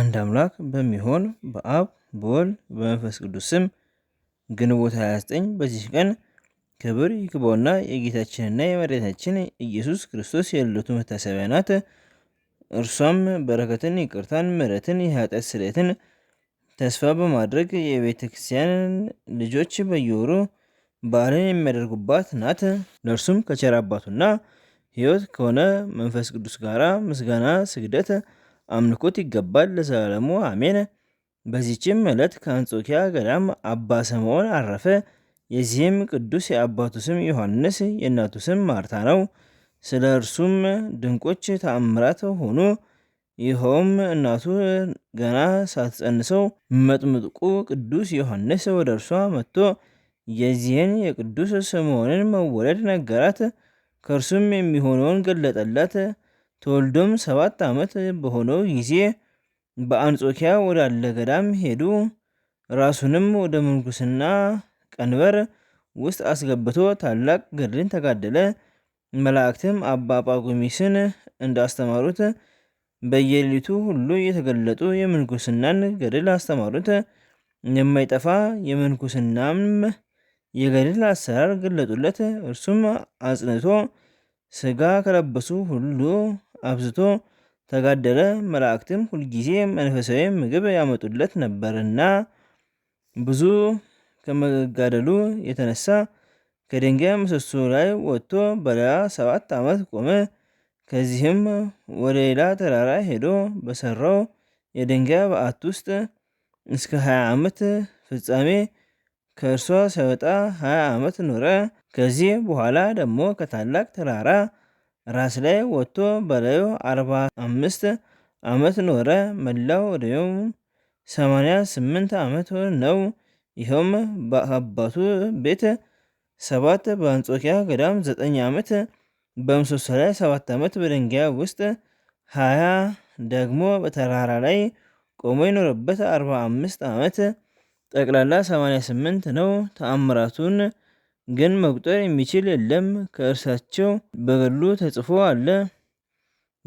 አንድ አምላክ በሚሆን በአብ በወልድ በመንፈስ ቅዱስ ስም ግንቦት 29 በዚህ ቀን ክብር ይግባውና የጌታችንና የመድኃኒታችን ኢየሱስ ክርስቶስ የልደቱ መታሰቢያ ናት። እርሷም በረከትን፣ ይቅርታን፣ ምሕረትን፣ የኃጢአት ስርየትን ተስፋ በማድረግ የቤተ ክርስቲያን ልጆች በየወሩ በዓልን የሚያደርጉባት ናት። ለእርሱም ከቸር አባቱና ሕይወት ከሆነ መንፈስ ቅዱስ ጋራ ምስጋና፣ ስግደት አምልኮት ይገባል ለዘላለሙ አሜን። በዚችም ዕለት ከአንጾኪያ ገዳም አባ ስምዖን አረፈ። የዚህም ቅዱስ የአባቱ ስም ዮሐንስ፣ የእናቱ ስም ማርታ ነው። ስለ እርሱም ድንቆች ተአምራት ሆኑ። ይኸውም እናቱ ገና ሳትጸንሰው መጥምጥቁ ቅዱስ ዮሐንስ ወደ እርሷ መጥቶ የዚህን የቅዱስ ስምዖንን መወለድ ነገራት፣ ከእርሱም የሚሆነውን ገለጠላት። ተወልዶም ሰባት ዓመት በሆነው ጊዜ በአንጾኪያ ወዳለ ገዳም ሄዱ። ራሱንም ወደ ምንኩስና ቀንበር ውስጥ አስገብቶ ታላቅ ገድልን ተጋደለ። መላእክትም አባ ጳጉሚስን እንዳስተማሩት በየሌሊቱ ሁሉ የተገለጡ የምንኩስናን ገድል አስተማሩት። የማይጠፋ የምንኩስናም የገድል አሰራር ገለጡለት። እርሱም አጽንቶ ስጋ ከለበሱ ሁሉ አብዝቶ ተጋደለ። መላእክትም ሁልጊዜ መንፈሳዊ ምግብ ያመጡለት ነበርና ብዙ ከመጋደሉ የተነሳ ከድንጋይ ምሰሶ ላይ ወጥቶ በሌላ ሰባት ዓመት ቆመ። ከዚህም ወደ ሌላ ተራራ ሄዶ በሰራው የድንጋይ በዓት ውስጥ እስከ 20 ዓመት ፍጻሜ ከእርሷ ሳይወጣ 20 ዓመት ኖረ። ከዚህ በኋላ ደግሞ ከታላቅ ተራራ ራስ ላይ ወጥቶ በላዩ አርባ አምስት ዓመት ኖረ። መላው ዕድሜውም ሰማንያ ስምንት ዓመት ነው። ይኸውም በአባቱ ቤት ሰባት በአንጾኪያ ገዳም ዘጠኝ ዓመት በምሰሶ ላይ ሰባት ዓመት በድንጋይ ውስጥ ሀያ ደግሞ በተራራ ላይ ቆሞ የኖረበት አርባ አምስት ዓመት ጠቅላላ ሰማንያ ስምንት ነው። ተአምራቱን ግን መቁጠር የሚችል የለም። ከእርሳቸው በገድሉ ተጽፎ አለ።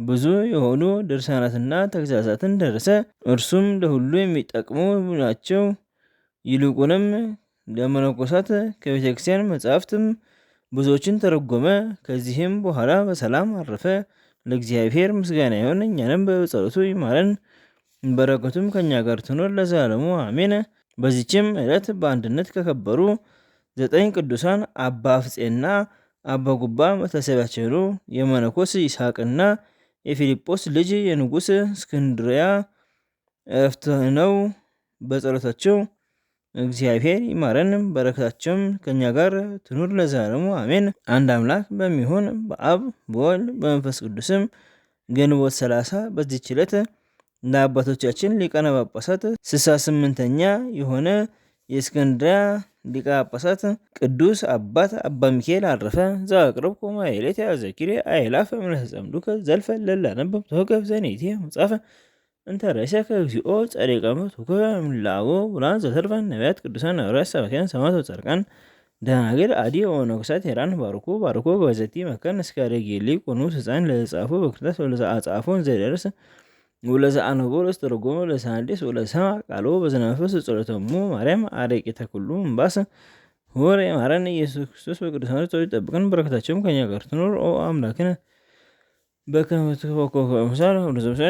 ብዙ የሆኑ ድርሳናትና ተግሳጻትን ደረሰ። እርሱም ለሁሉ የሚጠቅሙ ናቸው። ይልቁንም ለመነኮሳት ከቤተክርስቲያን መጻሕፍትም ብዙዎችን ተረጎመ። ከዚህም በኋላ በሰላም አረፈ። ለእግዚአብሔር ምስጋና ይሁን፣ እኛንም በጸሎቱ ይማረን፣ በረከቱም ከእኛ ጋር ትኖር ለዘላለሙ አሜን። በዚችም ዕለት በአንድነት ከከበሩ ዘጠኝ ቅዱሳን አባ አፍጼና አባ ጉባ መታሰቢያቸው ነው። የመነኮስ ይስሐቅና የፊልጶስ ልጅ የንጉሥ እስክንድርያ እረፍት ነው። በጸሎታቸው እግዚአብሔር ይማረን፣ በረከታቸውም ከእኛ ጋር ትኑር ለዘላለሙ አሜን። አንድ አምላክ በሚሆን በአብ በወልድ በመንፈስ ቅዱስም ግንቦት ሰላሳ በዚህች ዕለት ለአባቶቻችን ሊቃነ ጳጳሳት ስልሳ ስምንተኛ የሆነ የእስክንድርያ ሊቀ ጳጳሳት ቅዱስ አባት አባ ሚካኤል አረፈ። ኮማ የሌት ማኅሌተ አይላፍ አእላፈ ዘምዱከ ዘልፈ ለላ ለላነብብ ተወከፍ ዘኔቴ መጻፈ እንተረሰ ርእሰከ ጸሪቀ ጸሪቀሙ ተወከፈ እምላቦ ዘተርፈ ነቢያት ቅዱሳን ሐዋርያት ሰባክያን ሰማቶ ወጻድቃን ደናግል አዲ ወነኮሳት ሄራን ባርኮ ባርኮ በዘቲ መከን እስከ ረጌሌ ቆኑ ሕፃን ለጻፎ በክርታስ ወለዘአጻፎን ዘደረስ ወለዘአንበቦ ለዘተርጎሞ ለሰናዲስ ወለሰማ ቃሎ በዝነ መንፈስ ጸሎቶሙ ማርያም አረቂተ ተኩሉ እምባስ ሆር ማረን ኢየሱስ ክርስቶስ በቅዱሳኑ ጸሎት ይጠብቀን፣ በረከታቸውም ከኛ ጋር ትኖር ኦ አምላክነ በከመ ትኮከብ አምሳለ